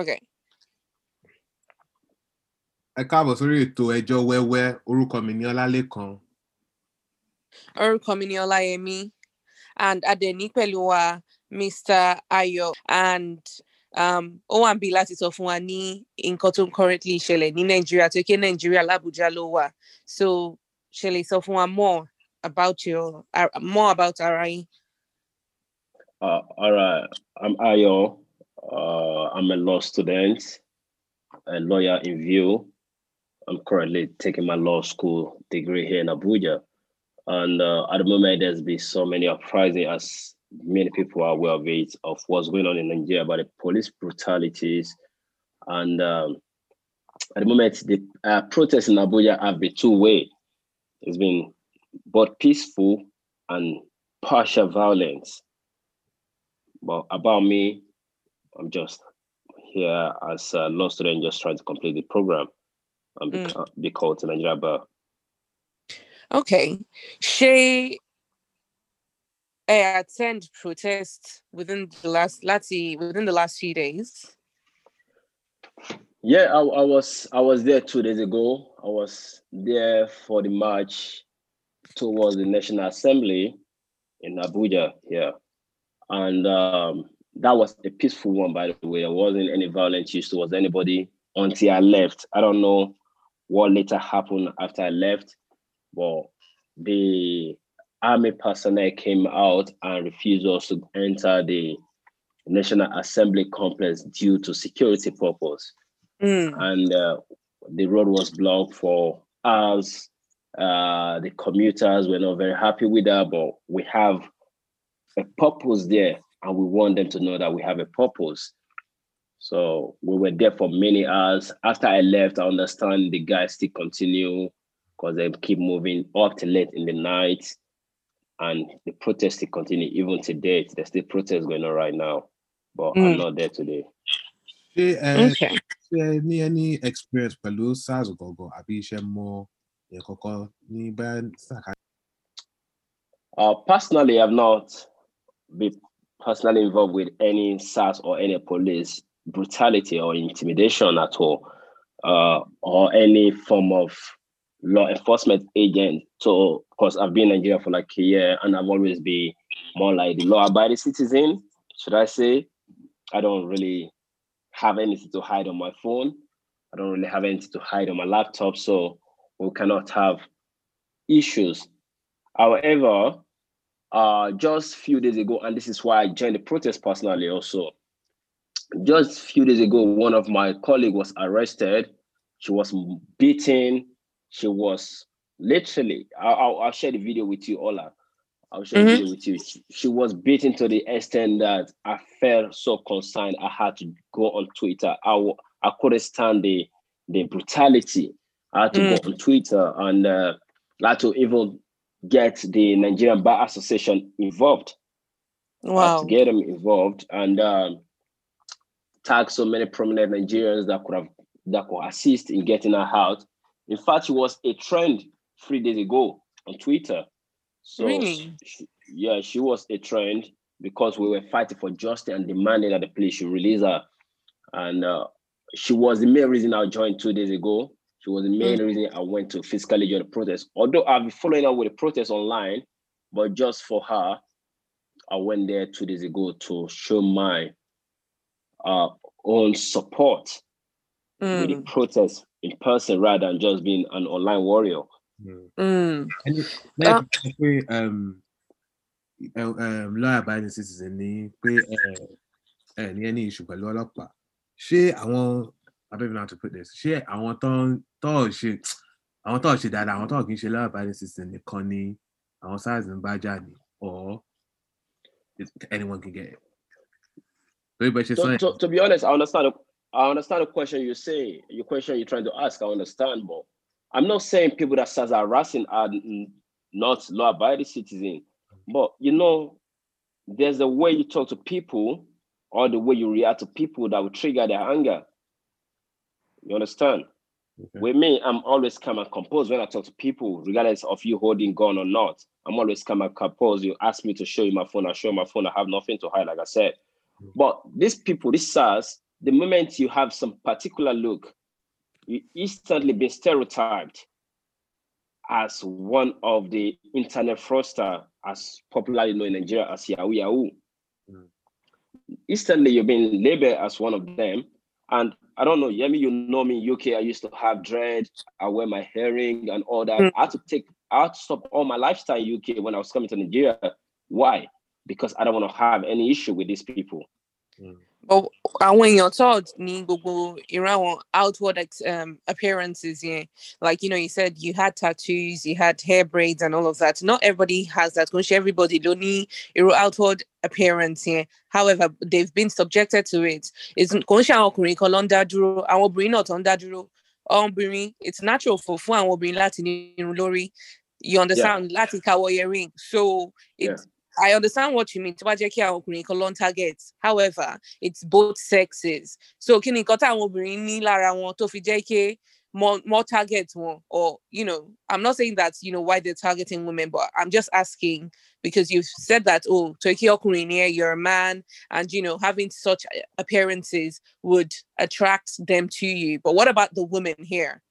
Okay. Ẹ káàbọ̀ sórí ètò ẹjọ́ wẹ́wẹ́ orúkọ mi ni Ọlálékan. Orúkọ mi ni Ọláyẹmí and Adẹ̀ní pẹ̀lú wa Mr. Ayọ̀ and um, ó wà ń bí láti sọ fún wa ní nǹkan tó ń currently ṣẹlẹ̀ ní Nàìjíríà tó ké Nàìjíríà l'Àbújá ló wà so ṣe lè sọ fún wa more about your uh, more about ara yín. Uh, all right, I'm Ayọ̀. Uh, I'm a law student, a lawyer in view. I'm currently taking my law school degree here in Abuja. And uh, at the moment, there's been so many uprising, as many people are aware of it, of what's going on in Nigeria about the police brutalities. And um, at the moment, the uh, protests in Abuja have been two way. It's been both peaceful and partial violence. But about me, I'm just here as a law student, just trying to complete the program and be, mm. be called to Nigeria. But okay, she Attended attend protests within the last lati within the last few days. Yeah, I, I, was I was there two days ago. I was there for the march towards the National Assembly in Abuja. Yeah, and um, that was a peaceful one, by the way. There wasn't any violence towards anybody until I left. I don't know what later happened after I left, but the army personnel came out and refused us to enter the National Assembly complex due to security purpose. Mm. And uh, the road was blocked for hours. Uh, the commuters were not very happy with that, but we have a purpose there and we want them to know that we have a purpose. So we were there for many hours. After I left, I understand the guys still continue because they keep moving up to late in the night. And the protest still continue even to date. There's still protests going on right now, but mm. I'm hmm. not there today. ṣé Uh, personally, I've not been personally involved with any SAS or any police brutality or intimidation at all, uh, or any form of law enforcement agent. So, because I've been in Nigeria for like a year and I've always been more like the law abiding citizen, should I say? I don't really have anything to hide on my phone. I don't really have anything to hide on my laptop. So, we cannot have issues. However, uh, just a few days ago, and this is why I joined the protest personally also. Just a few days ago, one of my colleague was arrested. She was beaten. She was literally, I'll, I'll share the video with you, Ola. I'll share mm-hmm. the video with you. She, she was beaten to the extent that I felt so concerned. I had to go on Twitter. I, I couldn't stand the, the brutality. I had to mm. go on Twitter and uh, I had to even get the Nigerian Bar Association involved. Wow. To get them involved and um, tag so many prominent Nigerians that could have that could assist in getting her out. In fact, it was a trend three days ago on Twitter. So really? She, yeah, she was a trend because we were fighting for justice and demanding that the police should release her. And uh, she was the main reason I joined two days ago. She was the main mm. reason I went to physically join the protest. Although I've been following up with the protest online, but just for her, I went there two days ago to show my uh, own support mm. with the mm. protest in person rather than just being an online warrior. Mm. mm. And if, like, uh, um, uh, um, lawyer abiding citizen ni pé ẹ eh, eh, ní any issue pẹ̀lú ọlọ́pàá ṣé àwọn I don't even know how to put this She, àwọn tó ń tó ò ṣe àwọn tó ò ṣe dáadáa àwọn tó ò kì í ṣe lọ́wọ́ báyìí sísìn nìkan ni àwọn SARS ń bá jà or anyone can get it. to, to, to be honest, I understand. I understand the question you say, your question you're trying to ask. I understand, but I'm not saying people that says are harassing are not law-abiding citizen. But you know, there's a way you talk to people or the way you react to people that will trigger their anger. You understand? Okay. With me, I'm always calm and composed when I talk to people, regardless of you holding gun or not. I'm always calm and composed. You ask me to show you my phone, I show my phone. I have nothing to hide, like I said. Mm. But these people, these SARS, the moment you have some particular look, you instantly be stereotyped as one of the internet froster, as popularly known in Nigeria as Yahoo Yahoo. mm Instantly, you're being labeled as one of them. And I don't know, Yemi, you know me, UK, I used to have dread, I wear my herring and all that. Mm. I had to take, I had to stop all my lifestyle in UK when I was coming to Nigeria. Why? Because I don't want to have any issue with these people. Mm. But when you tó ní gugu irú outward um, appearances yẹn like you know you said you had tattoos you had hair braids and all of that not everybody has that kò ṣe everybody ló ní irú outward appearance here. however they've been subjected to it kò ṣe àwọn ọkùnrin kan ló ń dá dúró àwọn obìnrin it's natural for fún àwọn obìnrin Latin in lórí you understand yeah. láti káwọ earring so it's yeah. I understand what you mean. Tó bá jẹ́ kí àwọn ọkùnrin kan lọ target. However, it's both sexes. So kí ni nǹkan táwọn obìnrin ní lára wọn tó fi jẹ́ kí more more target wọn or you know I'm not saying that you know why they're targeting women but I'm just asking because you've said that oh tó kí ọkùnrin ni ẹ́ you're a man and you know having such appearances would attract them to you. But what about the women here?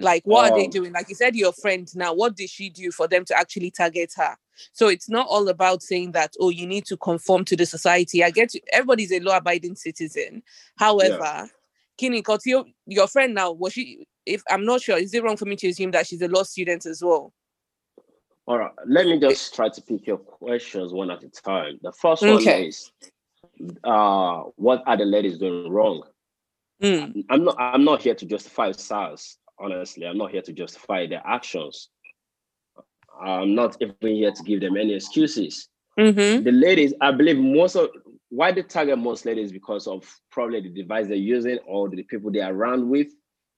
like what um, are they um, doing like you said your friend now what did she do for them to actually target her so it's not all about saying that oh you need to conform to the society i get you everybody's a law-abiding citizen however yeah. kini your, your friend now was she if i'm not sure is it wrong for me to assume that she's a law student as well all right let me just eh. try to pick your questions one at a time the first one okay. is uh what are the ladies doing wrong mm. i'm not i'm not here to justify SARS honestly. I'm not here to justify their actions. I'm not even here to give them any excuses. Mm-hmm. The ladies, I believe most of why they target most ladies because of probably the device they're using or the people they're around with.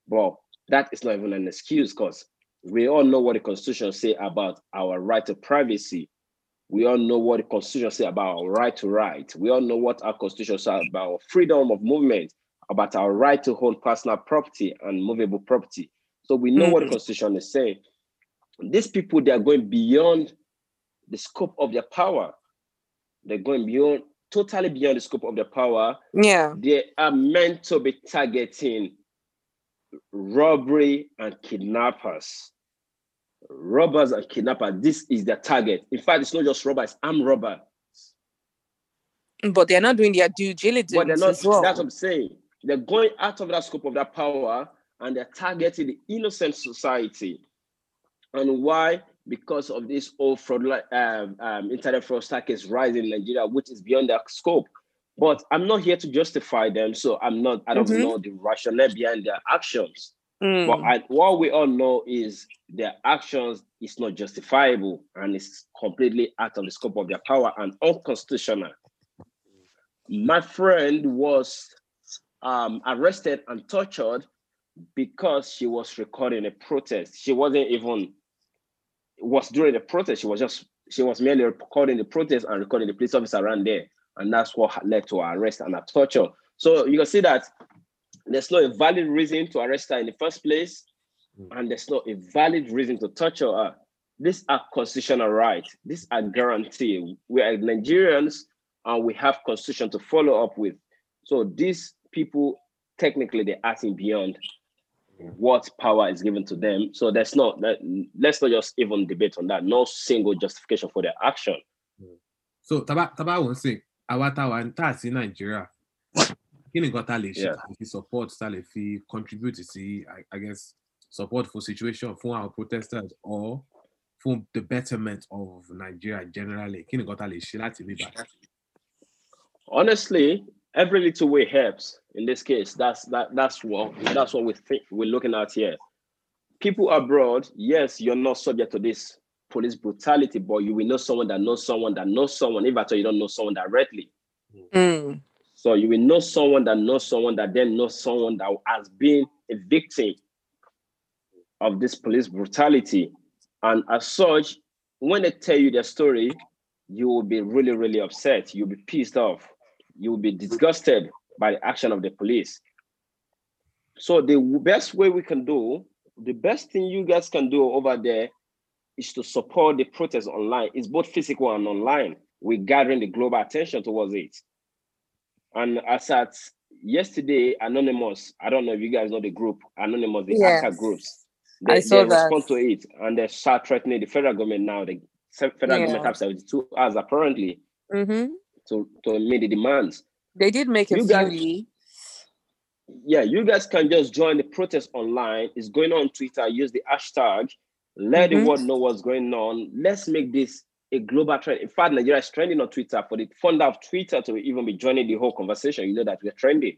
But that is not even an excuse because we all know what the constitution say about our right to privacy. We all know what the constitution say about our right to right. We all know what our constitution says about freedom of movement about our right to hold personal property and movable property. So we know what the mm. constitution is saying. These people, they are going beyond the scope of their power. They're going beyond, totally beyond the scope of their power. Yeah. They are meant to be targeting robbery and kidnappers. Robbers and kidnappers, this is their target. In fact, it's not just robbers, I'm robber. But they're not doing their due diligence. But they're not, well. that's what I'm saying. They're going out of that scope of that power and they're targeting the innocent society. And why? Because of this old fraud, um, um, internet fraud stack is rising in Nigeria, which is beyond their scope. But I'm not here to justify them, so I'm not. I don't mm-hmm. know the rationale behind their actions. Mm. But I, what we all know is their actions is not justifiable and it's completely out of the scope of their power and unconstitutional. My friend was um, arrested and tortured because she was recording a protest. She wasn't even was during the protest. She was just she was merely recording the protest and recording the police officer around there, and that's what led to her arrest and her torture. So you can see that there's no valid reason to arrest her in the first place, hmm. and there's no a valid reason to torture her. These are constitutional rights. These are guaranteed. We are Nigerians, and we have constitution to follow up with. So this people technically they're acting beyond what power is given to them. So that's not that let's not just even debate on that. No single justification for their action. So Taba Taba won't say Awatawa and in Nigeria. Kíni nǹkan ta lè ṣe ta support salary, lè contribute to I, I guess support for situation for our protesters or for the betterment of Nigeria generally. Kíni got ta lè Honestly, every little way helps. In this case, that's that that's what that's what we think we're looking at here. People abroad, yes, you're not subject to this police brutality, but you will know someone that knows someone that knows someone, if at all you don't know someone directly. Mm. So you will know someone that knows someone that then knows someone that has been a victim of this police brutality. And as such, when they tell you their story, you will be really, really upset. You'll be pissed off you will be disgusted by the action of the police. So the best way we can do, the best thing you guys can do over there is to support the protest online. It's both physical and online. We're gathering the global attention towards it. And as at yesterday, Anonymous, I don't know if you guys know the group, Anonymous, the yes. hacker groups, they, I saw they that. respond to it and they start threatening the federal government now. The federal yeah. government have 72 hours apparently. Mm-hmm to, to meet the demands. They did make a you few guys, Yeah, you guys can just join the protest online. It's going on Twitter. Use the hashtag. Let mm-hmm. the world know what's going on. Let's make this a global trend. In fact, Nigeria is trending on Twitter for the founder of Twitter to even be joining the whole conversation. You know that we're trending.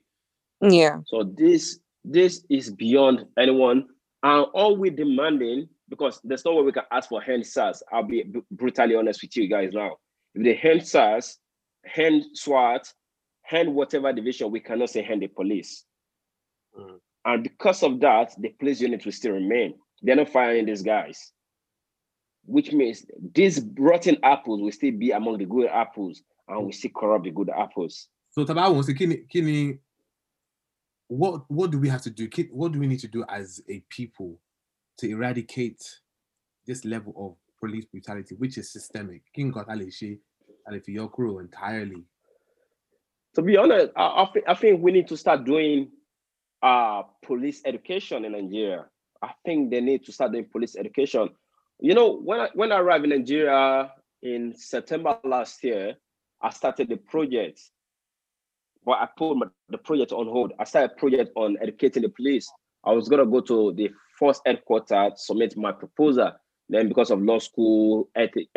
Yeah. So this this is beyond anyone. And all we're demanding, because there's no way we can ask for hand SARS. I'll be b- brutally honest with you guys now. If they hand SARS, hand SWAT, hand whatever division, we cannot say hand the police. Mm. And because of that, the police unit will still remain. They're not firing these guys, which means these rotten apples will still be among the good apples and we still corrupt the good apples. So Taba wants to kini, kini, what what do we have to do? What do we need to do as a people to eradicate this level of police brutality, which is systemic? King Ali She your crew entirely? To be honest, I, I, think, we need to start doing uh, police education in Nigeria. I think they need to start doing police education. You know, when I, when I arrived in Nigeria in September last year, I started the project, but I put my, the project on hold. I started a project on educating the police. I was gonna go to the force headquarters, submit my proposal. Then because of law school ethic,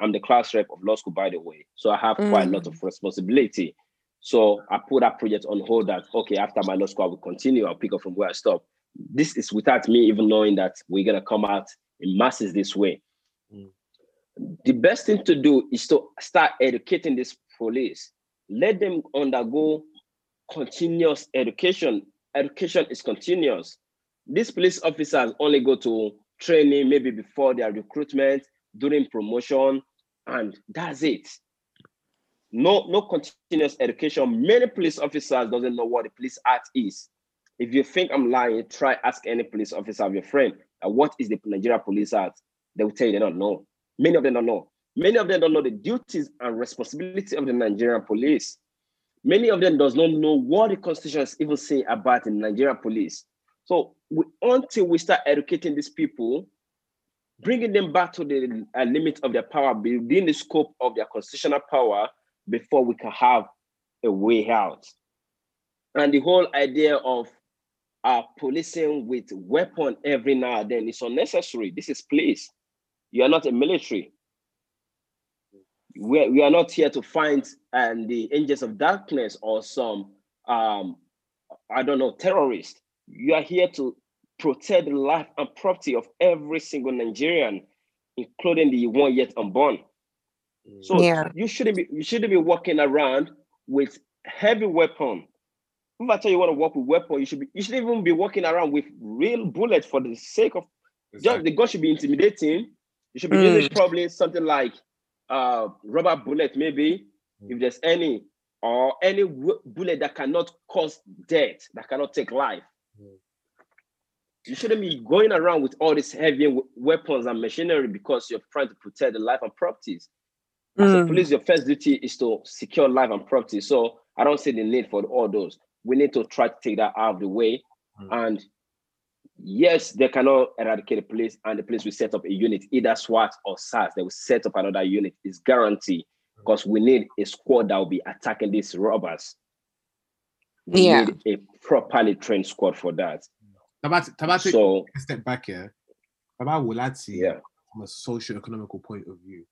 I'm the class rep of law school, by the way. So I have mm. quite a lot mm. of responsibility. So I put that project on hold that, okay, after my law school, I will continue. I'll pick up from where I stopped. This is without me even knowing that we're going to come out in masses this way. Mm. The best thing to do is to start educating this police. Let them undergo continuous education. Education is continuous. These police officers only go to training, maybe before their recruitment, during promotion, and that's it. No, no continuous education. Many police officers doesn't know what the police act is. If you think I'm lying, try ask any police officer of your friend, what is the Nigeria Police Act? They will tell you they don't know. Many of them don't know. Many of them don't know the duties and responsibility of the Nigerian police. Many of them does not know what the constitution even say about the Nigerian police. So we, until we start educating these people, bringing them back to the uh, limit of their power, within the scope of their constitutional power, before we can have a way out. And the whole idea of uh, policing with weapon every now and then is unnecessary. This is police. You are not a military. We, we are not here to find and uh, the angels of darkness or some um, I don't know terrorists. You are here to protect the life and property of every single Nigerian, including the one yet unborn. Mm. So yeah. you shouldn't be you shouldn't be walking around with heavy weapon. If I tell you want to walk with weapon, you should be you should even be walking around with real bullets for the sake of exactly. just the gun should be intimidating. You should be mm. using probably something like uh rubber bullet, maybe mm. if there's any, or any w- bullet that cannot cause death, that cannot take life. You shouldn't be going around with all these heavy weapons and machinery because you're trying to protect the life and properties. As mm. a hmm. police, your first duty is to secure life and property. So I don't see the need for all those. We need to try to take that out of the way. Mm. And yes, they cannot eradicate the police, and the police will set up a unit, either SWAT or SAS. They will set up another unit. It's guaranteed hmm. because we need a squad that will be attacking these robbers. We yeah. need a properly trained squad for that. Tabati, Tabati so, a step back here. About Wulati, yeah. from a socio-economical point of view,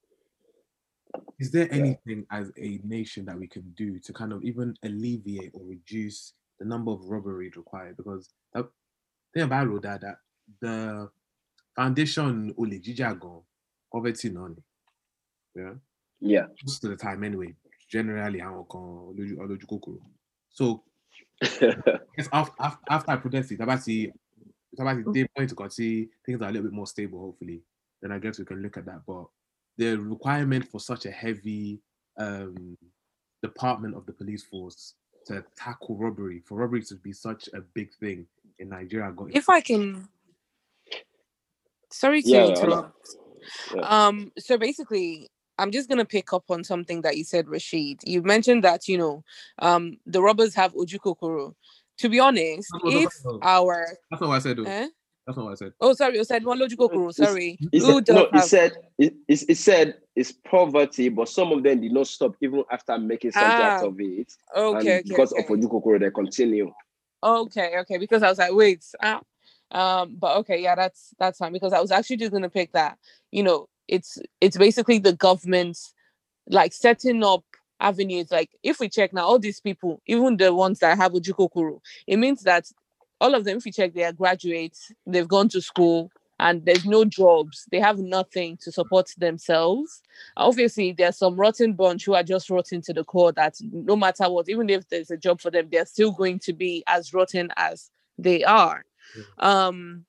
is there anything yeah. as a nation that we can do to kind of even alleviate or reduce the number of robberies required? Because that, thing about Roda that the foundation Uli Jijago, poverty none. Yeah. Yeah. Most of the time anyway, generally àwọn kan So yes, after, after, I protest it, Tabati, Tabati, they point to God, see things are a little bit more stable, hopefully. Then I guess we can look at that. But the requirement for such a heavy um, department of the police force to tackle robbery, for robbery to be such a big thing in Nigeria. I if I can, sorry to yeah, interrupt. Yeah. Um, so basically, I'm just gonna pick up on something that you said, Rashid. You mentioned that you know um, the robbers have ojukokoro. To be honest, no, no, if no, our that's not what I said. Eh? That's not what I said. Oh, sorry, you said one ojukokoro. Sorry, it's, it's, no, have... it said it, it, it said it's poverty, but some of them did not stop even after making something ah, out of it. Okay, okay because okay. of ojukokoro, they continue. Okay, okay, because I was like, wait, ah. um, but okay, yeah, that's that's fine because I was actually just gonna pick that. You know, it's it's basically the government's like setting up avenues. Like if we check now, all these people, even the ones that have Ujukokuru, it means that all of them, if you check, they are graduates, they've gone to school, and there's no jobs. They have nothing to support themselves. Obviously, there's some rotten bunch who are just rotten to the core that no matter what, even if there's a job for them, they're still going to be as rotten as they are. Hmm. Um,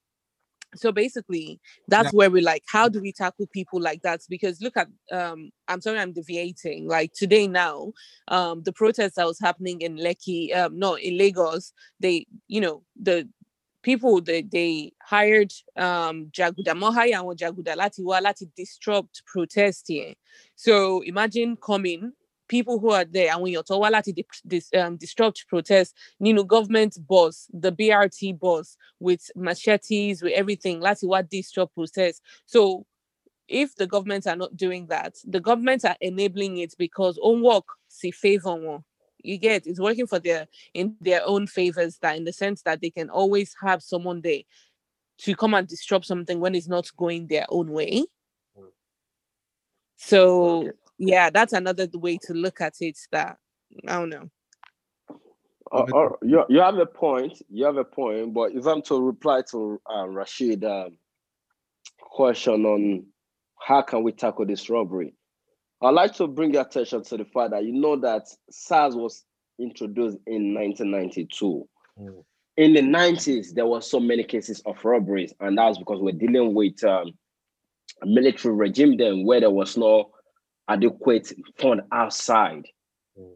so basically that's where we're like how do we tackle people like that because look at um i'm sorry i'm deviating like today now um the protests that was happening in lekki um no in lagos they you know the people that they hired um jaguda mohaya and jaguda lati wa lati disrupt protest here so imagine coming people who are there. And when you're told to dis, um, disrupt protests, you know, government boss, the BRT boss with machetes, with everything, That's what disrupt protests. So if the governments are not doing that, the governments are enabling it because on work, see favor one you get it's working for their in their own favors that in the sense that they can always have someone there to come and disrupt something when it's not going their own way hmm. so yeah, that's another way to look at it. That I don't know. Uh, uh, you, you have a point. You have a point. But if I'm to reply to uh, question on how can we tackle this robbery, I'd like to bring your attention to the fact that you know that SARS was introduced in 1992. Mm. In the 90s, there were so many cases of robberies, and that was because we're dealing with um, a military regime then where there was no adequate fund outside. Mm.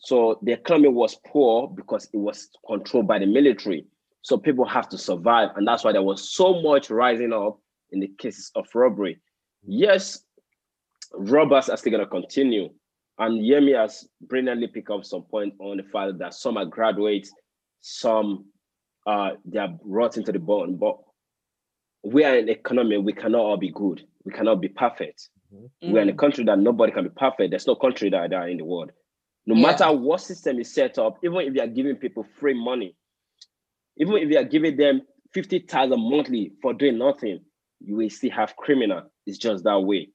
So the economy was poor because it was controlled by the military. So people have to survive. And that's why there was so much rising up in the cases of robbery. Mm. Yes, robbers are still going to continue. And Yemi has brilliantly picked up some point on the fact that some are graduates, some uh, they are brought into the bottom. But we are an economy, we cannot all be good, we cannot be perfect. Mm-hmm. We're in a mm. country that nobody can be perfect. There's no country that, that are in the world. No yeah. matter what system is set up, even if you are giving people free money, even if you are giving them 50,000 monthly for doing nothing, you will still have criminal. It's just that way.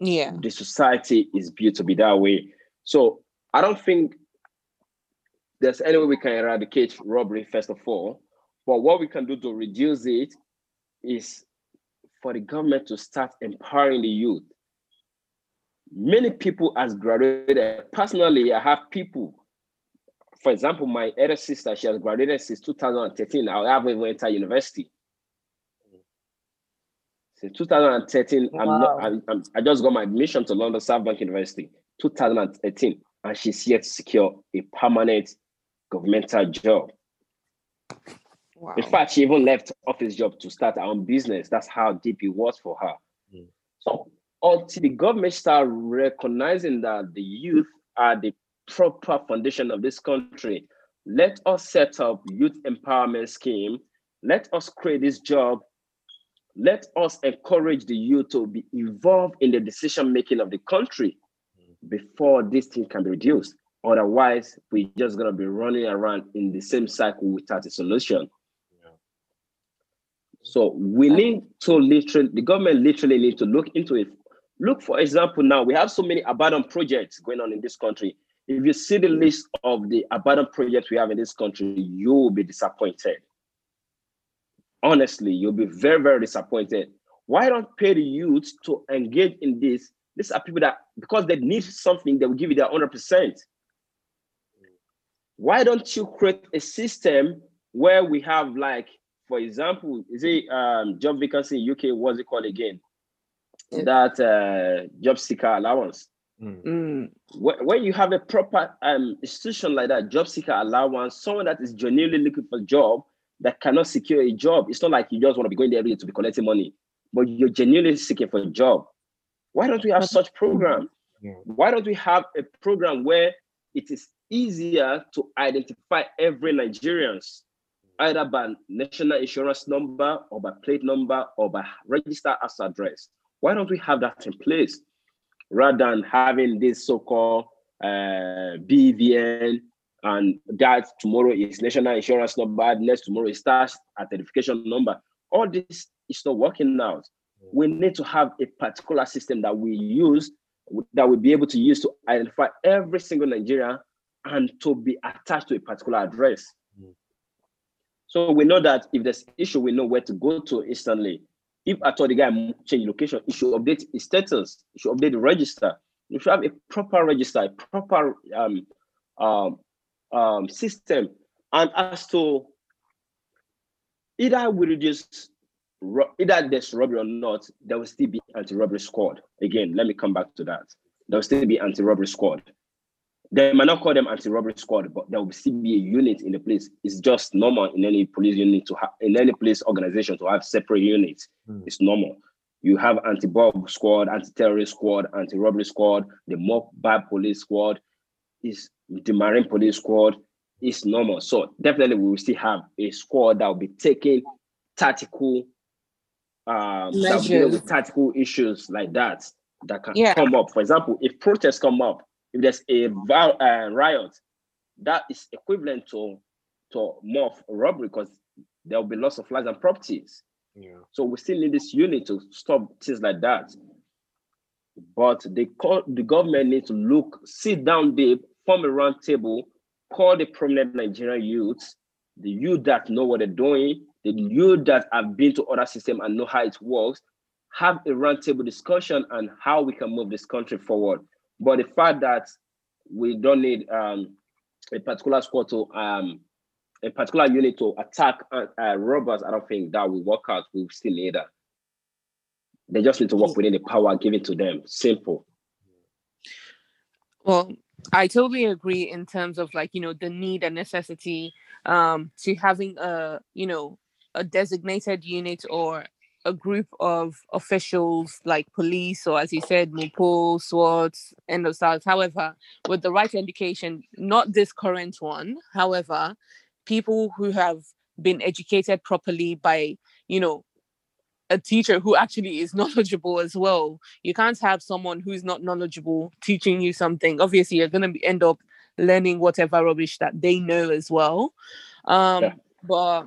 Yeah. The society is built to be that way. So I don't think there's any way we can eradicate robbery, first of all. But what we can do to reduce it is for the government to start empowering the youth many people has graduated. Personally, I have people. For example, my elder sister, she has graduated since 2013. I haven't even entered university. Since 2013, wow. I'm not. I'm, I'm, i just got my admission to London South Bank University, 2018, and she's yet to secure a permanent governmental job. Wow. In fact, she even left office job to start her own business. That's how deep it was for her. Mm. So until the government start recognizing that the youth are the proper foundation of this country, let us set up youth empowerment scheme. Let us create this job. Let us encourage the youth to be involved in the decision making of the country before this thing can be reduced. Otherwise, we're just gonna be running around in the same cycle without a solution. Yeah. So we need to literally, the government literally need to look into it Look, for example, now we have so many abandoned projects going on in this country. If you see the list of the abandoned projects we have in this country, you will be disappointed. Honestly, you'll be very, very disappointed. Why don't pay the youth to engage in this? These are people that, because they need something, they will give you their 100%. Why don't you create a system where we have, like, for example, is it um, job vacancy in UK? What's it called again? that uh, job seeker allowance. Mm. mm. When you have a proper um, institution like that, job seeker allowance, someone that is genuinely looking for a job that cannot secure a job, it's not like you just want to be going there every day to be collecting money, but you're genuinely seeking for a job. Why don't we have such program? Why don't we have a program where it is easier to identify every Nigerians, either by national insurance number or by plate number or by register as address? Why don't we have that in place rather than having this so-called uh, BVN and that tomorrow is national insurance number, next tomorrow is tax identification number. All this is not working out. Mm. We need to have a particular system that we use that we'll be able to use to identify every single Nigerian and to be attached to a particular address. Mm. So we know that if there's issue, we know where to go to instantly. If at all the guy change location, he should update his status. He should update the register. You should have a proper register, a proper um, um, um, system. And as to either we reduce either there's robbery or not, there will still be anti-robbery squad. Again, let me come back to that. There will still be anti-robbery squad. They might not call them anti-robbery squad, but there will still be a unit in the place. It's just normal in any police unit to have in any police organization to have separate units. Mm. It's normal. You have anti-bomb squad, anti-terrorist squad, anti-robbery squad, the mob bad police squad, is the marine police squad. It's normal. So definitely we will still have a squad that will be taking tactical um that will deal with tactical issues like that that can yeah. come up. For example, if protests come up, if there's a uh, riot, that is equivalent to to more robbery because there will be loss of lives and properties. Yeah. So we still need this unit to stop things like that. But the the government needs to look, sit down deep, form a round table, call the prominent Nigerian youths, the youth that know what they're doing, the youth that have been to other systems and know how it works, have a roundtable discussion on how we can move this country forward. But the fact that we don't need um, a particular squad to um, a particular unit to attack uh, uh, robbers, I don't think that will work out. We still need that. They just need to work within the power given to them. Simple. Well, I totally agree in terms of like you know the need and necessity um, to having a you know a designated unit or a group of officials like police or as you said mupo swartz and of south however with the right education not this current one however people who have been educated properly by you know a teacher who actually is knowledgeable as well you can't have someone who's not knowledgeable teaching you something obviously you're going to end up learning whatever rubbish that they know as well um yeah. but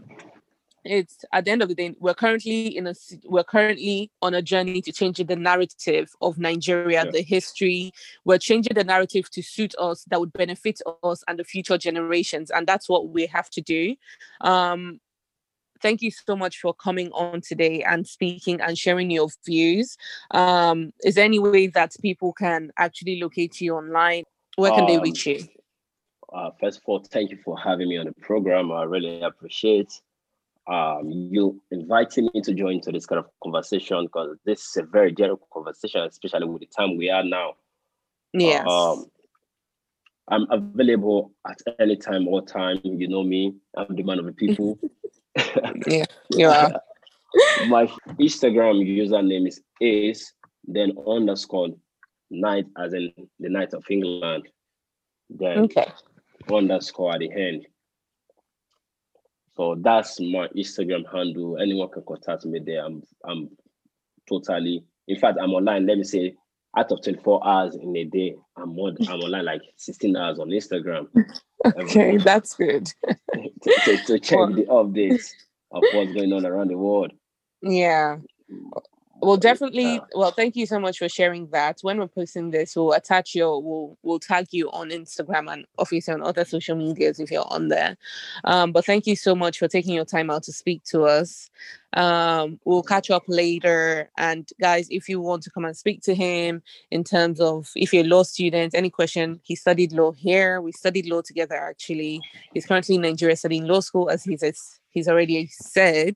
it's at the end of the day we're currently in a we're currently on a journey to changing the narrative of nigeria yeah. the history we're changing the narrative to suit us that would benefit us and the future generations and that's what we have to do um thank you so much for coming on today and speaking and sharing your views um is there any way that people can actually locate you online where can um, they reach you uh, first of all, thank you for having me on the program. I really appreciate um, you inviting me to join to this kind of conversation because this is a very general conversation, especially with the time we are now. Yes. Um, I'm available at any time, all time. You know me. I'm the man of the people. yeah, you are. My Instagram username is is then underscore night as in the night of England. Then okay. underscore at the end. So That's my Instagram handle. Anyone can contact me there. I'm I'm totally. In fact, I'm online. Let me say, out of 24 hours in a day, I'm on, I'm online like 16 hours on Instagram. okay, that's good. to, to, to, check well. the updates of what's going on around the world. Yeah. Well, definitely. Well, thank you so much for sharing that. When we're posting this, we'll attach your, we'll, we'll tag you on Instagram and obviously on other social medias if you're on there. Um, but thank you so much for taking your time out to speak to us. Um, we'll catch up later. And guys, if you want to come and speak to him in terms of if you're a law student, any question, he studied law here. We studied law together actually. He's currently in Nigeria studying law school, as he's he's already said.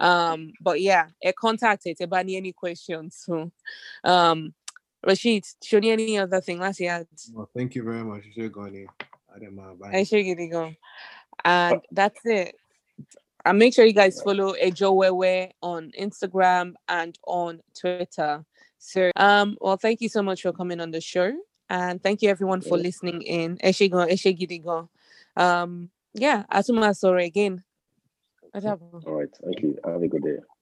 Um, but yeah, I contact it about any questions. So um Rashid, show me any other thing last year. Well, thank you very much. You should go in. I should go. And that's it. And make sure you guys follow Ejo Wewe on Instagram and on Twitter. So um well thank you so much for coming on the show. And thank you everyone for listening in. Eshe go, Um yeah, Asuma again. All right. Thank you. Have a good day.